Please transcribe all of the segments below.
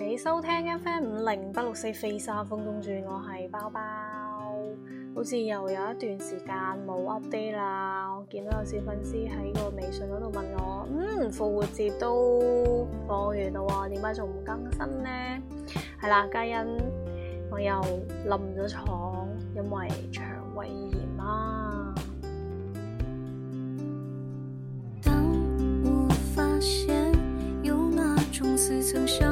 你收聽 FM 五零八六四飛沙風中轉，我係包包，好似又有一段時間冇 update 啦。我見到有小粉絲喺個微信嗰度問我，「嗯復活節都放完啦，點解仲唔更新呢？」係啦，皆因我又冧咗床，因為腸胃炎啊。當我發現有那種似曾相。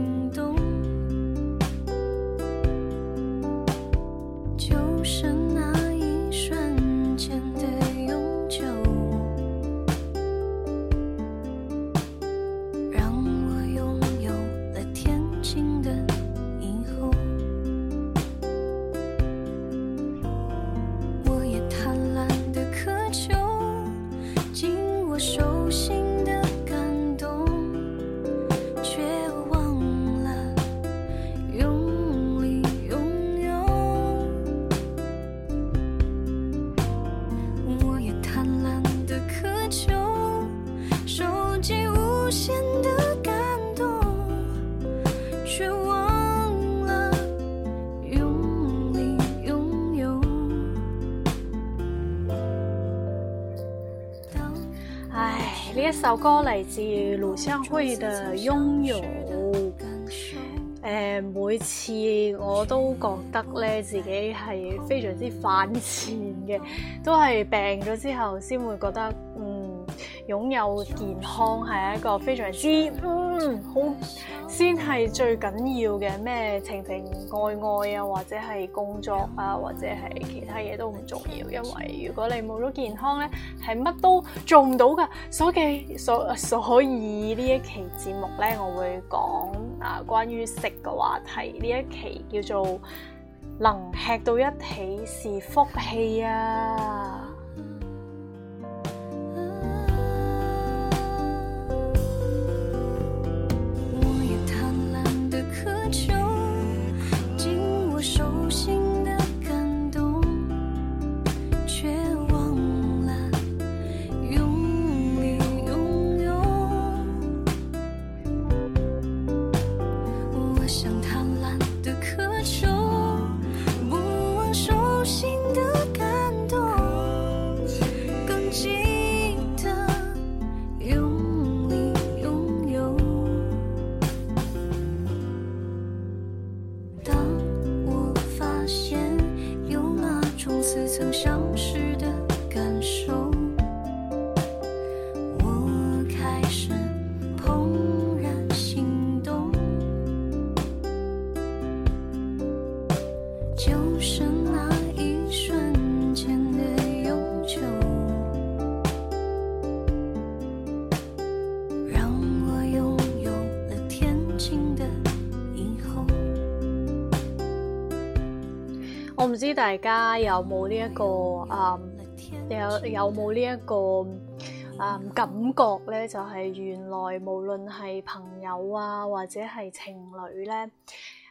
首歌嚟自盧山輝嘅擁有，誒、呃，每次我都覺得咧自己係非常之犯賤嘅，都係病咗之後先會覺得。嗯。擁有健康係一個非常之嗯，好，先係最緊要嘅，咩？情情愛愛啊，或者係工作啊，或者係其他嘢，都唔重要，因為如果你冇咗健康咧，係乜都做唔到噶。所以所所以呢一期節目咧，我會講啊，關於食嘅話題，呢一期叫做能吃到一起是福氣啊。我唔知大家有冇呢一個誒、嗯，有有冇呢一個誒、嗯、感覺咧？就係、是、原來無論係朋友啊，或者係情侶咧，誒、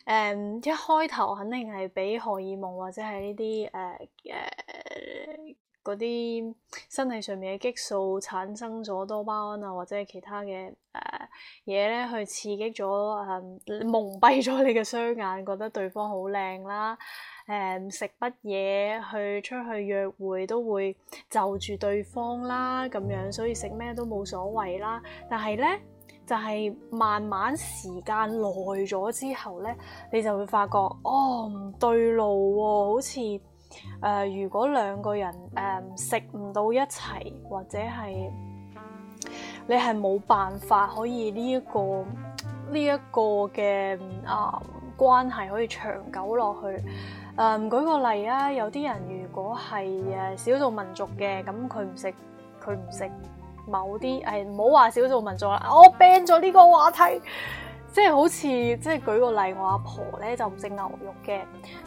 嗯，一開頭肯定係俾荷爾蒙或者係呢啲誒誒嗰啲身體上面嘅激素產生咗多巴胺啊，或者係其他嘅誒嘢咧，去刺激咗誒、呃，蒙蔽咗你嘅雙眼，覺得對方好靚啦。誒、嗯，食乜嘢去出去約會都會就住對方啦，咁樣，所以食咩都冇所謂啦。但係呢，就係、是、慢慢時間耐咗之後呢，你就會發覺，哦唔對路喎、哦，好似誒、呃，如果兩個人誒食唔到一齊，或者係你係冇辦法可以呢、這、一個呢一、這個嘅啊關係可以長久落去。嗯，舉個例啊，有啲人如果係誒少數民族嘅，咁佢唔食佢唔食某啲，誒唔好話少數民族啦，我 ban 咗呢個話題，即係好似即係舉個例，我阿婆咧就唔食牛肉嘅，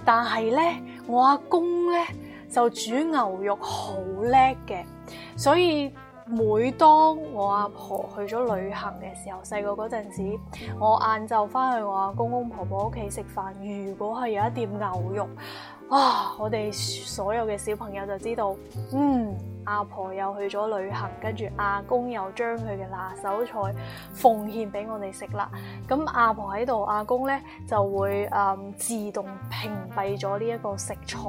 但係咧我阿公咧就煮牛肉好叻嘅，所以。每當我阿婆去咗旅行嘅時候，細個嗰陣時，我晏晝翻去我阿公公婆婆屋企食飯，如果係有一碟牛肉，哇！我哋所有嘅小朋友就知道，嗯，阿婆又去咗旅行，跟住阿公又將佢嘅拿手菜奉獻俾我哋食啦。咁阿婆喺度，阿公咧就會誒自動屏蔽咗呢一個食材。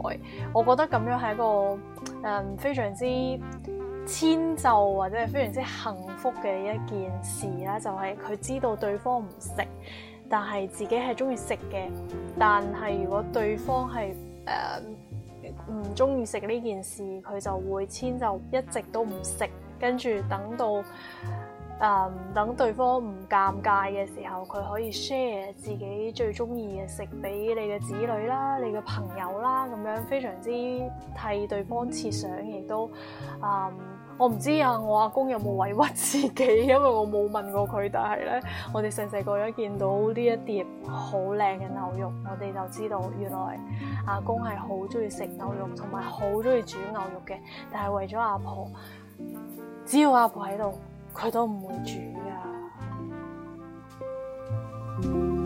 我覺得咁樣係一個誒非常之。遷就或者係非常之幸福嘅一件事啦，就係、是、佢知道對方唔食，但係自己係中意食嘅。但係如果對方係誒唔中意食呢件事，佢就會遷就，一直都唔食，跟住等到誒、呃、等對方唔尷尬嘅時候，佢可以 share 自己最中意嘅食俾你嘅子女啦、你嘅朋友啦，咁樣非常之替對方設想，亦都誒。呃我唔知啊，我阿公有冇委屈自己，因為我冇問過佢。但係咧，我哋細細個一見到呢一碟好靚嘅牛肉，我哋就知道原來阿公係好中意食牛肉，同埋好中意煮牛肉嘅。但係為咗阿婆，只要阿婆喺度，佢都唔會煮㗎。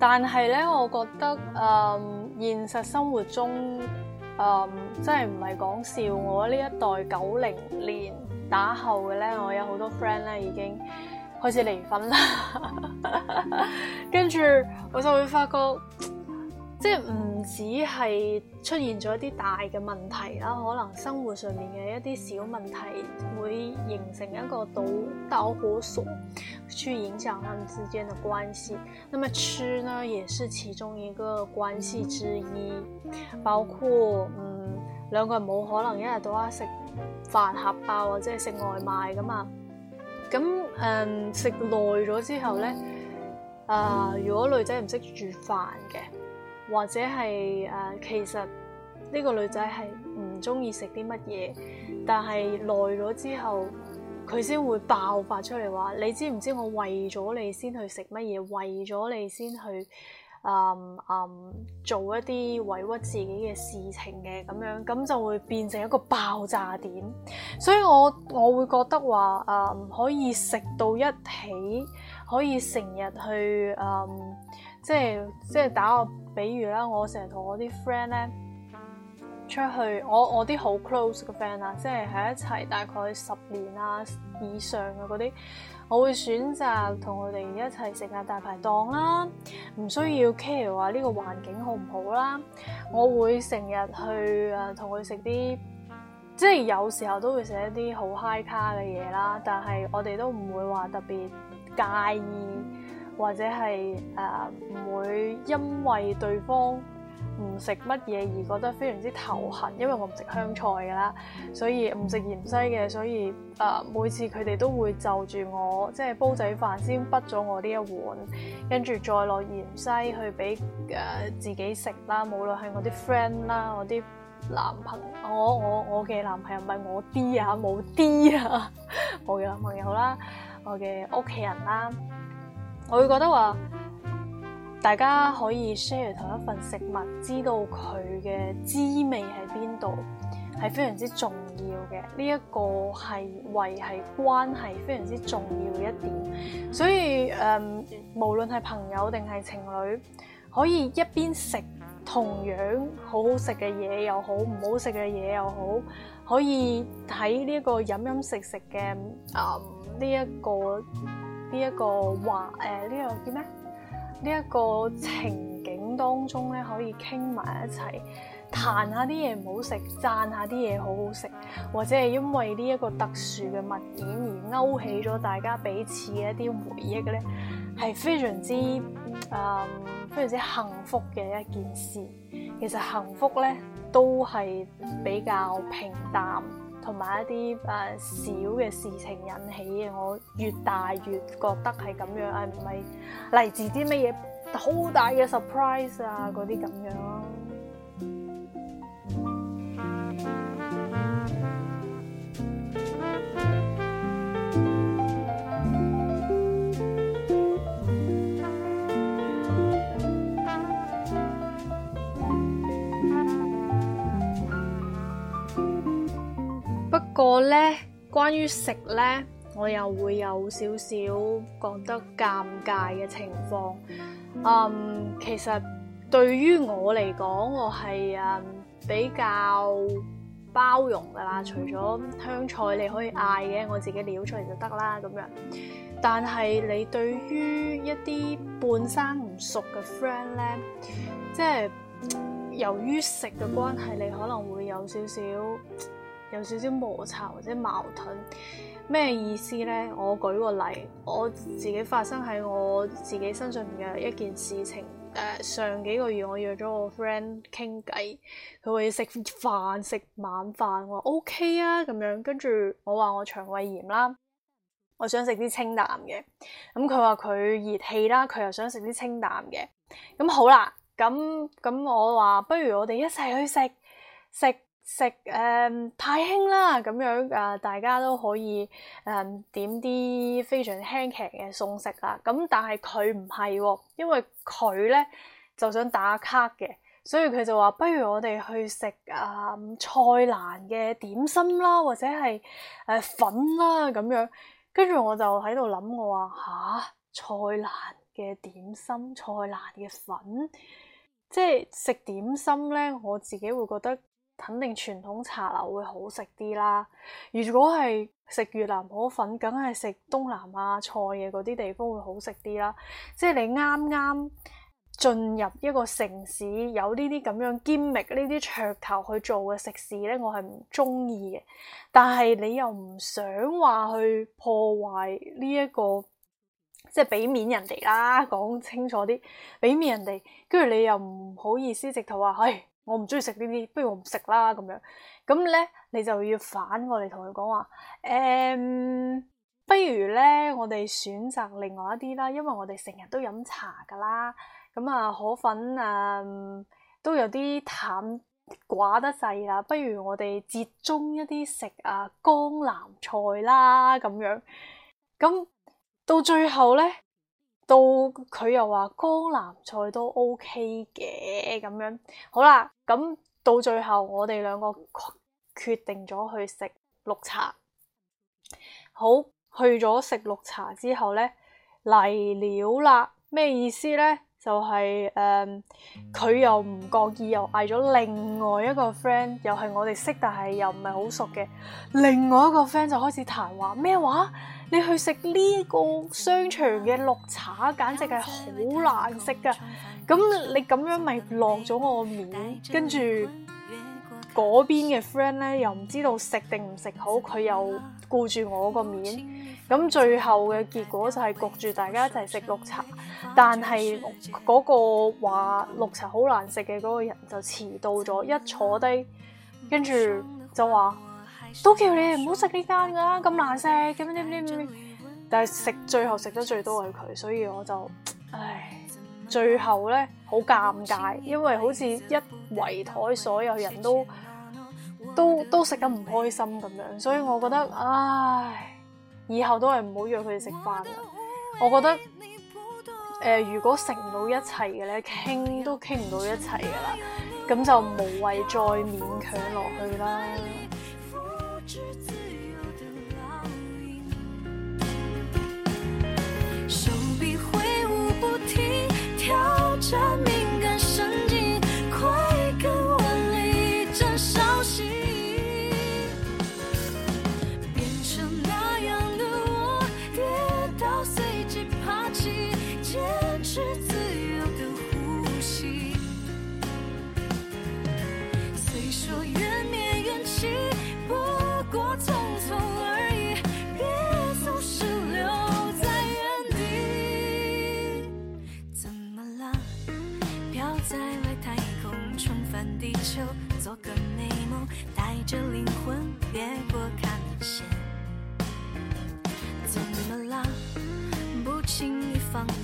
但係咧，我覺得誒、嗯、現實生活中誒、嗯、真係唔係講笑，我呢一代九零年打後嘅咧，我有好多 friend 咧已經開始離婚啦，跟 住我就會發覺，即係唔止係出現咗一啲大嘅問題啦，可能生活上面嘅一啲小問題會形成一個導導火索好傻。去影響他們之間的關係，那麼吃呢，也是其中一個關係之一，包括嗯，兩個人冇可能一日到黑食飯盒包或者係食外賣噶嘛，咁誒食耐咗之後咧，誒、呃、如果女仔唔識煮飯嘅，或者係誒、呃、其實呢個女仔係唔中意食啲乜嘢，但係耐咗之後。佢先會爆發出嚟話，你知唔知我為咗你先去食乜嘢，為咗你先去，嗯嗯，做一啲委屈自己嘅事情嘅咁樣，咁就會變成一個爆炸點。所以我我會覺得話，啊、嗯，唔可以食到一起，可以成日去，嗯，即係即係打個比喻啦，我成日同我啲 friend 咧。出去，我我啲好 close 嘅 friend 啊，即係喺一齊大概十年啊以上嘅嗰啲，我會選擇同佢哋一齊食下大排檔啦，唔需要 care 話呢個環境好唔好啦。我會成日去誒同佢食啲，即係有時候都會食一啲好 high 卡嘅嘢啦，但係我哋都唔會話特別介意，或者係誒唔會因為對方。唔食乜嘢而覺得非常之頭痕，因為我唔食香菜噶啦，所以唔食芫茜嘅，所以誒、呃、每次佢哋都會就住我，即係煲仔飯先畀咗我呢一碗，跟住再落芫茜去俾誒、呃、自己食啦。無論係我啲 friend 啦，我啲男朋友，我我我嘅男朋友咪我啲啊冇啲啊，我嘅男朋友啦，我嘅屋企人啦，我會覺得話。大家可以 share 同一份食物，知道佢嘅滋味喺邊度，係非常之重要嘅。呢一個係維繫關係非常之重要嘅一點。所以，誒，無論係朋友定係情侶，可以一邊食同樣好好食嘅嘢又好，唔好食嘅嘢又好，可以睇呢一個飲飲食食嘅，啊，呢一個呢一個話誒呢個叫咩？呢一個情景當中咧，可以傾埋一齊，彈下啲嘢唔好食，讚下啲嘢好好食，或者係因為呢一個特殊嘅物件而勾起咗大家彼此嘅一啲回憶嘅咧，係非常之誒、呃，非常之幸福嘅一件事。其實幸福咧都係比較平淡。同埋一啲誒、呃、小嘅事情引起嘅，我越大越覺得係咁樣，係唔係嚟自啲乜嘢好大嘅 surprise 啊嗰啲咁樣。個咧，關於食咧，我又會有少少覺得尷尬嘅情況。嗯，其實對於我嚟講，我係啊、嗯、比較包容㗎喇。除咗香菜你可以嗌嘅，我自己料出嚟就得啦咁樣。但係你對於一啲半生唔熟嘅 friend 咧，即係由於食嘅關係，你可能會有少少。有少少摩擦或者矛盾，咩意思呢？我舉個例，我自己發生喺我自己身上面嘅一件事情。誒、呃，上幾個月我約咗我 friend 傾偈，佢話要食飯食晚飯，我話 OK 啊咁樣，跟住我話我腸胃炎啦，我想食啲清淡嘅。咁佢話佢熱氣啦，佢又想食啲清淡嘅。咁好啦，咁咁我話不如我哋一齊去食食，食誒、呃、太興啦，咁樣誒、呃、大家都可以誒、呃、點啲非常輕騎嘅餸食啦。咁但係佢唔係喎，因為佢咧就想打卡嘅，所以佢就話不如我哋去食啊、呃，蔡瀾嘅點心啦，或者係誒、呃、粉啦咁樣。跟住我就喺度諗，我話吓，蔡瀾嘅點心、蔡瀾嘅粉，即係食點心咧，我自己會覺得，肯定傳統茶樓會好食啲啦。如果係食越南河粉，梗係食東南亞菜嘅嗰啲地方會好食啲啦。即係你啱啱進入一個城市，有呢啲咁樣堅力呢啲噱頭去做嘅食肆咧，我係唔中意嘅。但係你又唔想話去破壞呢一個，即係俾面人哋啦。講清楚啲，俾面人哋，跟住你又唔好意思直頭話係。哎我唔中意食呢啲，不如我唔食啦咁樣。咁咧，你就要反過嚟同佢講話，誒、嗯，不如咧，我哋選擇另外一啲啦，因為我哋成日都飲茶噶啦，咁啊，河粉啊都有啲淡寡得滯啦，不如我哋折中一啲食啊江南菜啦咁樣。咁到最後咧。到佢又話江南菜都 OK 嘅咁樣，好啦，咁到最後我哋兩個決定咗去食綠茶。好，去咗食綠茶之後咧，嚟料啦，咩意思咧？就係、是、誒，佢、嗯、又唔覺意又嗌咗另外一個 friend，又係我哋識，但係又唔係好熟嘅另外一個 friend 就開始談話咩話？你去食呢個商場嘅綠茶，簡直係好難食噶！咁你咁樣咪落咗我面，跟住嗰邊嘅 friend 咧又唔知道食定唔食好，佢又。顧住我個面，咁最後嘅結果就係焗住大家一齊食綠茶，但係嗰個話綠茶好難食嘅嗰個人就遲到咗，一坐低跟住就話都叫你唔好食呢間㗎咁難食咁點點點，但係食最後食得最多係佢，所以我就唉，最後呢好尷尬，因為好似一圍枱所有人都。都都食得唔開心咁樣，所以我覺得，唉，以後都係唔好約佢哋食飯啦。我覺得，誒、呃，如果食唔到一齊嘅咧，傾都傾唔到一齊噶啦，咁就無謂再勉強落去啦。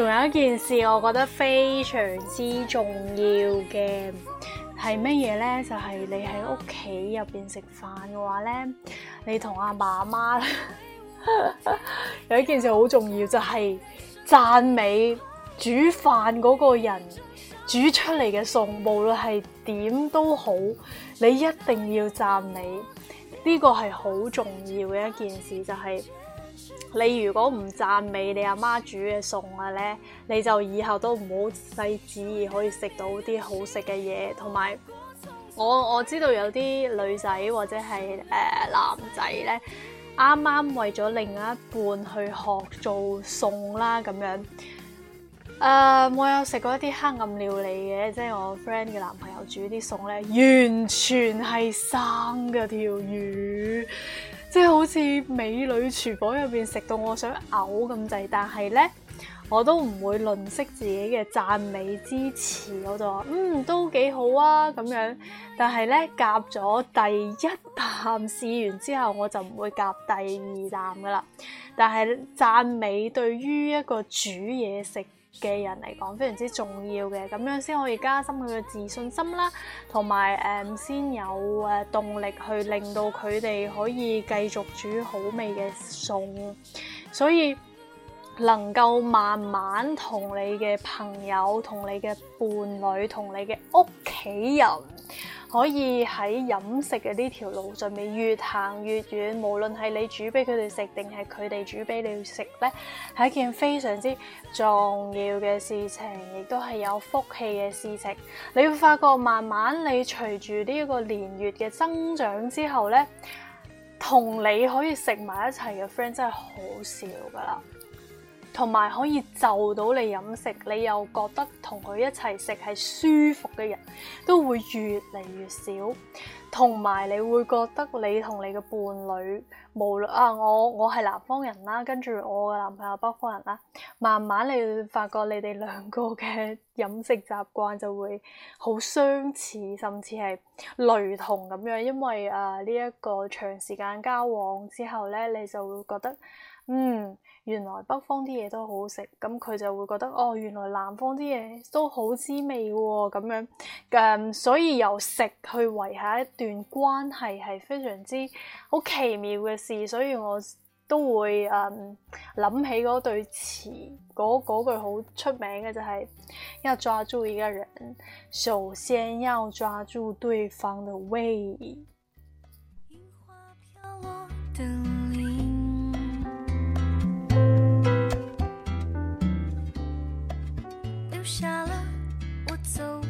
仲有一件事，我覺得非常之重要嘅，係乜嘢咧？就係、是、你喺屋企入邊食飯嘅話咧，你同阿媽媽有一件事好重要，就係、是、讚美煮飯嗰個人煮出嚟嘅餸，無論係點都好，你一定要讚美。呢個係好重要嘅一件事，就係、是。你如果唔讚美你阿媽煮嘅餸嘅咧，你就以後都唔使旨意可以食到啲好食嘅嘢。同埋，我我知道有啲女仔或者係誒、呃、男仔咧，啱啱為咗另一半去學做餸啦咁樣。誒、呃，我有食過一啲黑暗料理嘅，即係我 friend 嘅男朋友煮啲餸咧，完全係生嘅條魚。即係好似美女廚房入邊食到我想嘔咁滯，但係咧我都唔會吝惜自己嘅讚美之詞。我就話，嗯，都幾好啊咁樣。但係咧夾咗第一啖試完之後，我就唔會夾第二啖噶啦。但係讚美對於一個煮嘢食嘅人嚟講非常之重要嘅，咁樣先可以加深佢嘅自信心啦，同埋誒先有誒動力去令到佢哋可以繼續煮好味嘅餸，所以能夠慢慢同你嘅朋友、同你嘅伴侶、同你嘅屋企人。可以喺飲食嘅呢條路上面越行越遠，無論係你煮俾佢哋食，定係佢哋煮俾你食咧，係一件非常之重要嘅事情，亦都係有福氣嘅事情。你會發覺慢慢你隨住呢一個年月嘅增長之後咧，同你可以食埋一齊嘅 friend 真係好少㗎喇。同埋可以就到你飲食，你又覺得同佢一齊食係舒服嘅人，都會越嚟越少，同埋你會覺得你同你嘅伴侶。無論啊，我我係南方人啦，跟住我嘅男朋友北方人啦，慢慢你會發覺你哋兩個嘅飲食習慣就會好相似，甚至係雷同咁樣，因為啊呢一個長時間交往之後咧，你就會覺得，嗯，原來北方啲嘢,都好好食，咁佢就會覺得哦，原來南方啲嘢都好滋味喎咁樣，誒，所以由食去維繫一段關係係非常之好奇妙嘅。所以我都會嗯諗、um, 起嗰對詞，嗰句好出名嘅就係、是：要抓住一個人，首先要抓住對方嘅的胃。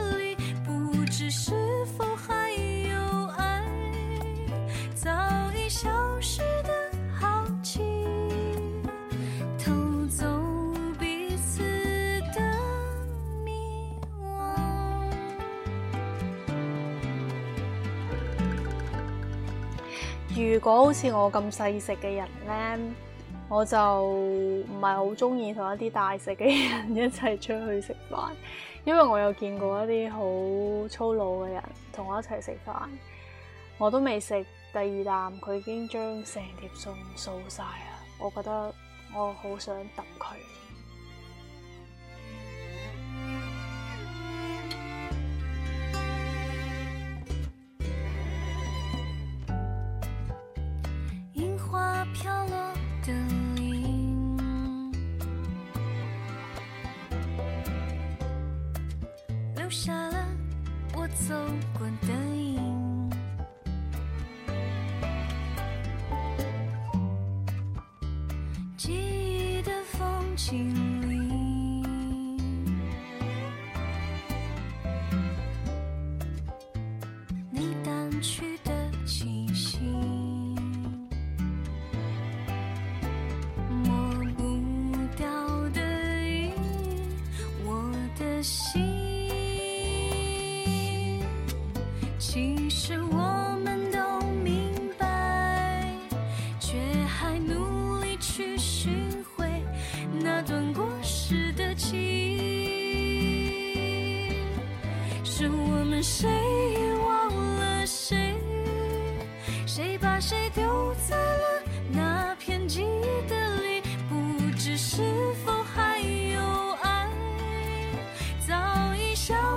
如果好似我咁細食嘅人呢，我就唔係好中意同一啲大食嘅人一齊出去食飯，因為我有見過一啲好粗魯嘅人同我一齊食飯，我都未食第二啖，佢已經將成碟餸掃晒啊！我覺得我好想揼佢。去。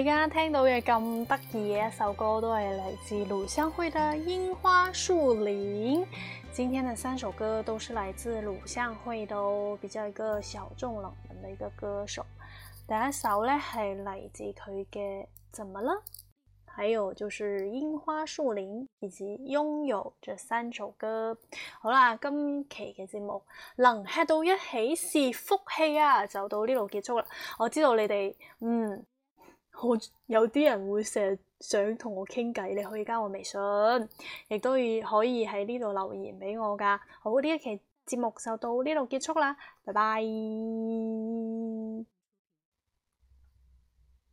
大家剛聽到嘅咁得意嘅一首歌，都係嚟自盧相會嘅《櫻花樹林》。今天嘅三首歌都是來自盧相會嘅比較一個小眾冷門嘅一個歌手。第一首咧，係嚟自佢嘅《怎麼啦》，還有就是《櫻花樹林》以及《擁有》這三首歌。好啦，今期嘅節目能吃到一起是福氣啊，就到呢度結束啦。我知道你哋嗯。我有啲人會成日想同我傾偈，你可以加我微信，亦都以可以喺呢度留言畀我噶。好，呢一期節目就到呢度結束啦，拜拜。